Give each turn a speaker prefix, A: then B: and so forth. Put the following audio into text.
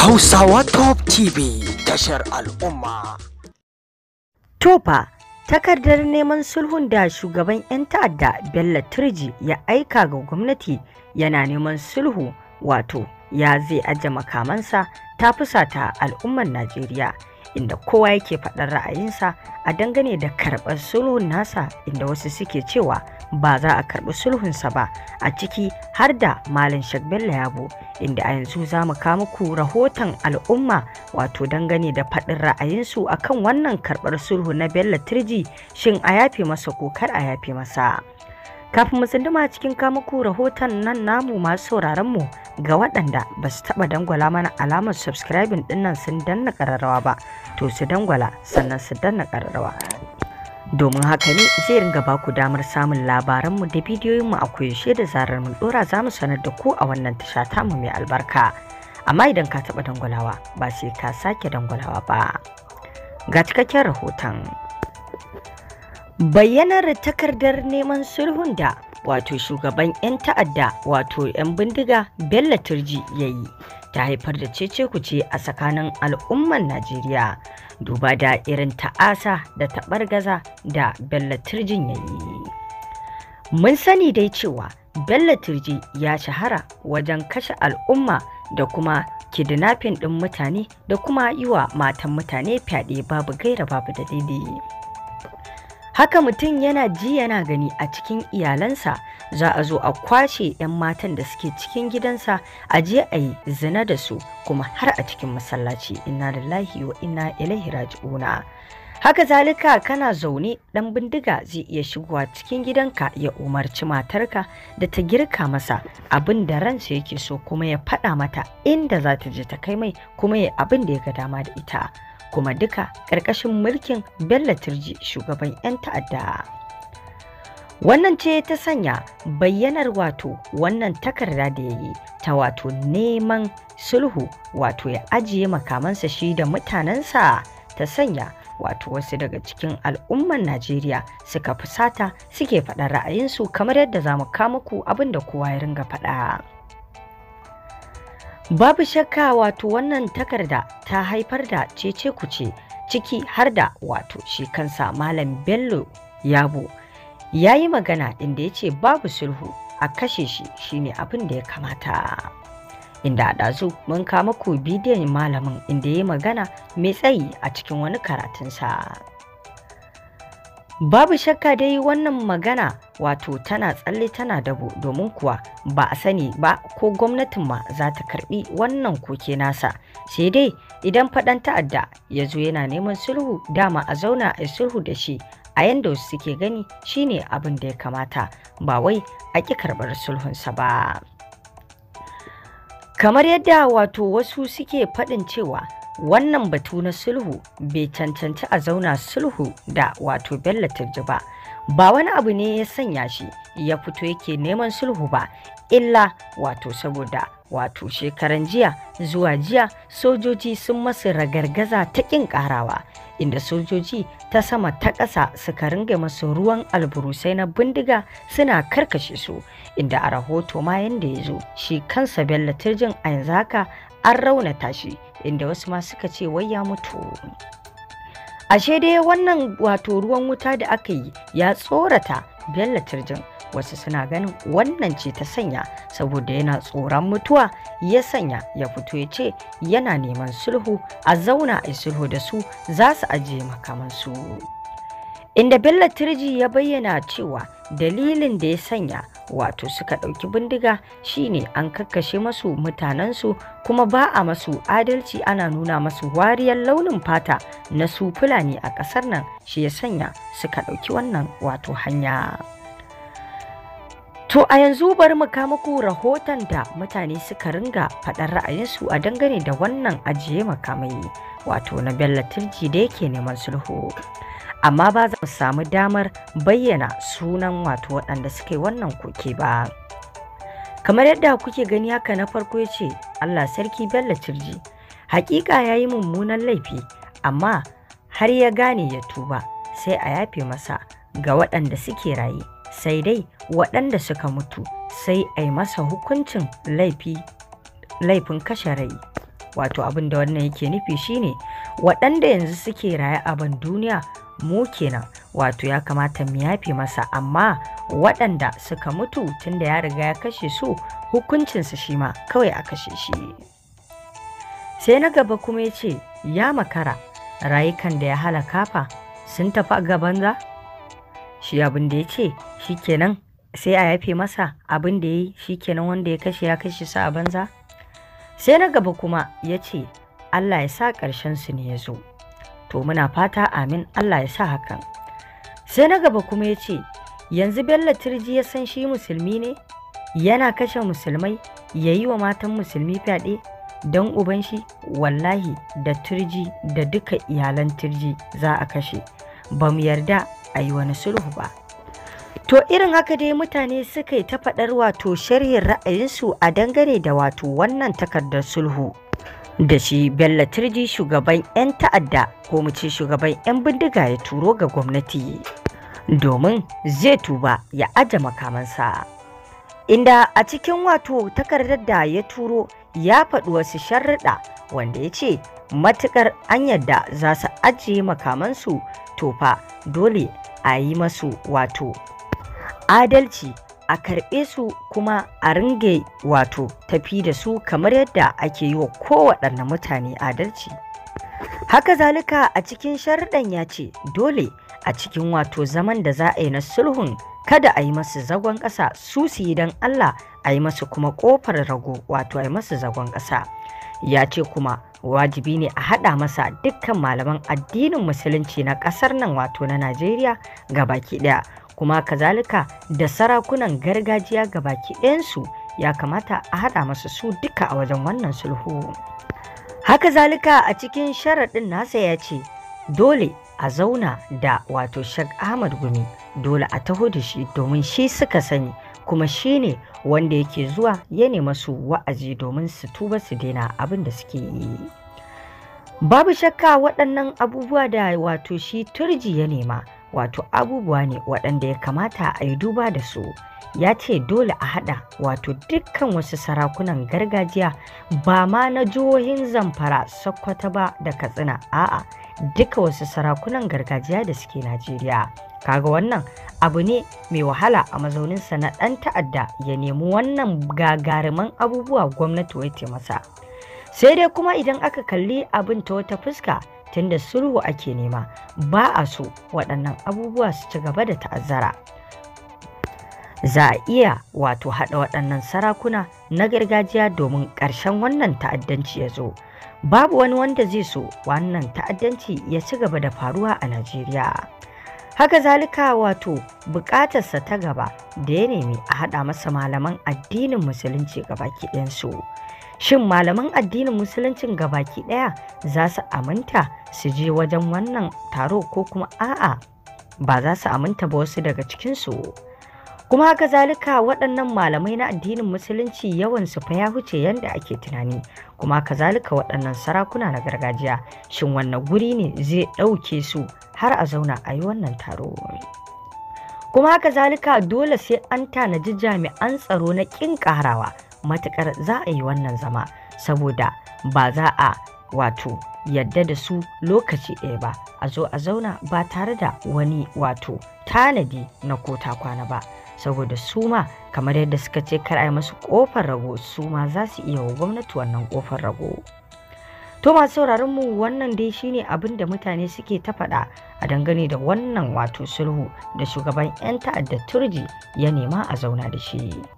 A: Hausawa Top TV tashar al'umma. Tofa takardar neman sulhun da shugaban 'yan ta'adda Bello Turji ya aika ga gwamnati yana neman sulhu wato ya zai aje makamansa ta fusata al'ummar Najeriya inda kowa yake faɗar ra'ayinsa a dangane da karɓar sulhun nasa inda wasu suke cewa ba za a karɓi sulhunsa ba a ciki har da Malam Sheikh Bello Yabo inda a yanzu za mu kawo muku rahoton al'umma wato dangane da faɗin ra'ayinsu akan wannan karɓar sulhu na Bello Turji shin a yafe masa ko kar a yafe masa. Kafin mu tsunduma cikin kamuku rahoton nan namu masu sauraron mu ga waɗanda ba su taɓa dangwala mana alamar subscribing ɗinnan sun danna ƙararrawa ba, to su dangwala sannan su danna ƙararrawa. Domin haka ne zai ringa ba ku damar samun labaran mu da bidiyoyinmu a koyaushe da zarar mun ɗora za mu sanar da ku a wannan tasha mu mai albarka. Amma idan ka taɓa dangwalawa ba sai ka sake dangwalawa ba. Ga cikakken rahoton. bayyanar takardar neman sulhun da wato shugaban 'yan ta'adda wato 'yan bindiga bello turji ya yi ta haifar da cece kuce a tsakanin al'umman najeriya duba da irin ta'asa da taɓargaza da bello turjin ya yi mun sani dai cewa bello turji ya shahara wajen kashe al'umma da kuma kidnapping ɗin mutane da kuma yi wa matan mutane fyaɗe babu gaira babu daidai. haka mutum yana ji yana gani a cikin iyalansa za a zo a kwace 'yan matan da suke cikin gidansa a je a yi zina da su kuma har a cikin masallaci inna lillahi wa inna ilaihi raji'una haka zalika kana zaune dan bindiga zai iya shigowa cikin gidanka ya umarci matarka da ta girka masa abin da ransa yake so kuma ya faɗa mata inda za ta je ta kai mai kuma ya abin da ya ga dama da ita kuma duka ƙarƙashin mulkin Bello Turji shugaban 'yan ta'adda. Wannan ce ta sanya bayyanar wato wannan takarda da ya yi ta wato neman sulhu wato ya ajiye makamansa shi da mutanensa ta sanya wato wasu daga cikin al'umman Najeriya suka fusata suke faɗa ra'ayinsu kamar yadda za mu kama ku abinda kowa ya ringa faɗa. Babu shakka wato wannan takarda ta haifar da cece kuce ciki har da wato shi kansa Malam Bello Yabo ya yi magana inda ya ce babu sulhu a kashe shi shine abin da ya kamata. Inda a ɗazu mun kama ku bidiyon malamin inda ya yi magana mai tsayi a cikin wani karatunsa. Babu shakka dai wannan magana wato tana tsalle tana dabo domin kuwa ba a sani ba ko gwamnatin ma za ta karbi wannan koke nasa sai dai idan faɗan ta'adda ya zo yana neman sulhu dama a zauna a sulhu da shi a yanda wasu suke gani shine abin da ya kamata ba wai a ƙi karɓar sulhunsa ba kamar yadda wato wasu suke faɗin cewa wannan batu na sulhu bai cancanci a zauna sulhu da wato bello turji ba ba wani abu ne ya sanya shi ya fito yake neman sulhu ba illa wato saboda wato shekaran jiya zuwa jiya sojoji sun masu ragargaza ta ƙin ƙarawa inda sojoji ta sama ta ƙasa suka ringa masu ruwan alburusai na bindiga suna karkashe su inda a rahoto ma yanda ya zo shi kansa bello turjin a yanzu haka an raunata shi inda wasu ma suka ce wai ya mutu ashe dai wannan wato ruwan wuta da aka yi ya tsorata bello turjin wasu suna ganin wannan ce ta sanya saboda yana tsoron mutuwa ya sanya ya fito ya ce yana neman sulhu a zauna a sulhu da su za su ajiye makamansu inda bello turji ya bayyana cewa dalilin da ya sanya wato suka ɗauki bindiga shine an kakkashe masu mutanensu kuma ba a masu adalci ana nuna masu wariyar launin fata na su fulani a ƙasar nan shi ya sanya suka ɗauki wannan wato hanya. To a yanzu bari mu kama muku rahoton da mutane suka ringa faɗar ra'ayinsu a dangane da wannan ajiye makamai wato na Bello Turji da yake neman sulhu. Amma ba za mu samu damar bayyana sunan wato waɗanda suka yi wannan koke ba. Kamar yadda kuke gani haka na farko ya ce Allah Sarki Bello Turji hakika ya yi mummunan laifi amma har ya gane ya tuba sai a yafe masa ga waɗanda suke raye. sai dai waɗanda suka mutu sai a yi masa hukuncin laifin kashe rai wato abin da wannan yake nufi shine waɗanda yanzu suke raye a ban duniya mu kenan wato ya kamata mu yafe masa amma waɗanda suka mutu tunda ya riga ya kashe su hukuncinsu shi ma kawai a kashe shi sai na gaba kuma ya ce ya makara rayukan da ya halaka fa sun tafi a gabanza? shi abin da ya ce shi kenan sai a yafe masa abin da ya yi shi kenan wanda ya kashe ya kashe su a banza sai na gaba kuma ya ce allah ya sa ƙarshen su ne ya zo to muna fata amin allah ya sa hakan sai na gaba kuma ya ce yanzu bello turji ya san shi musulmi ne yana kashe musulmai ya yi wa matan musulmi fyaɗe don uban shi wallahi da turji da duka iyalan turji za a kashe ba mu yarda a yi wani sulhu ba to irin haka dai mutane suka yi ta faɗar wato sharhin ra'ayinsu a dangane da wato wannan takardar sulhu da shi bello turji shugaban 'yan ta'adda ko mu ce shugaban 'yan bindiga ya turo ga gwamnati domin zai tuba ya aje makamansa inda a cikin wato takardar da ya turo ya faɗi wasu sharriɗa wanda ya ce matuƙar an yadda za su ajiye makamansu to fa dole a yi masu wato adalci a karɓe su kuma a ringe wato tafi da su kamar yadda ake yi wa kowaɗanne mutane adalci haka zalika a cikin sharɗan ya ce dole a cikin wato zaman da za a yi na sulhun kada a yi masu zagon ƙasa su su yi don allah a yi masu kuma ƙofar rago wato a yi masu zagon ƙasa ya ce kuma wajibi ne a haɗa masa dukkan malaman addinin musulunci na ƙasar nan wato na najeriya ga baki ɗaya kuma kazalika da sarakunan gargajiya ga baki ɗayansu ya kamata a haɗa masa su duka a wajen wannan sulhu haka zalika a cikin sharaɗin nasa ya ce dole a zauna da wato shak ahmad gumi dole a taho da shi domin shi suka sani kuma shi ne wanda yake zuwa ya nema su wa'azi domin su tuba su daina abin da suke yi babu shakka waɗannan abubuwa da wato shi turji ya nema wato abubuwa ne waɗanda ya kamata a yi duba da su ya ce dole a haɗa wato dukkan wasu sarakunan gargajiya ba ma na jihohin zamfara sokoto ba da katsina a'a duka wasu sarakunan gargajiya da suke najeriya kaga wannan abu ne mai wahala a mazauninsa na ɗan ta'adda ya nemi wannan gagariman abubuwa gwamnati wai masa sai dai kuma idan aka kalli abin ta wata fuska tunda sulhu ake nema ba a so waɗannan abubuwa su ci gaba da ta'azzara za a iya wato haɗa waɗannan sarakuna na gargajiya domin ƙarshen wannan ta'addanci ya zo babu wani wanda zai so wannan ta'addanci ya ci gaba da faruwa a najeriya haka zalika wato buƙatarsa ta gaba da ya nemi a haɗa masa malaman addinin musulunci gaba ɗansu shin malaman addinin musuluncin gabaki ɗaya za su aminta su je wajen wannan taro ko kuma a'a ba za su aminta ba wasu daga cikinsu kuma haka zalika waɗannan malamai na addinin musulunci yawan su fa ya huce yadda ake tunani kuma haka zalika waɗannan sarakuna na gargajiya shin wannan guri ne zai ɗauke su har a zauna a yi wannan taro kuma haka zalika dole sai an tanaji jami'an tsaro na ƙin ƙarawa matuƙar za a yi wannan zama saboda ba za a wato yadda da su lokaci ɗaya ba a zo a zauna ba tare da wani wato tanadi na kota kwana ba saboda su ma kamar yadda suka ce kar a yi masu ƙofar rago su ma za su iya wa gwamnati wannan kofar rago to masu sauraron mu wannan dai shine abin da mutane suke ta faɗa a dangane da wannan wato sulhu da shugaban 'yan ta'adda turji ya nema a zauna da shi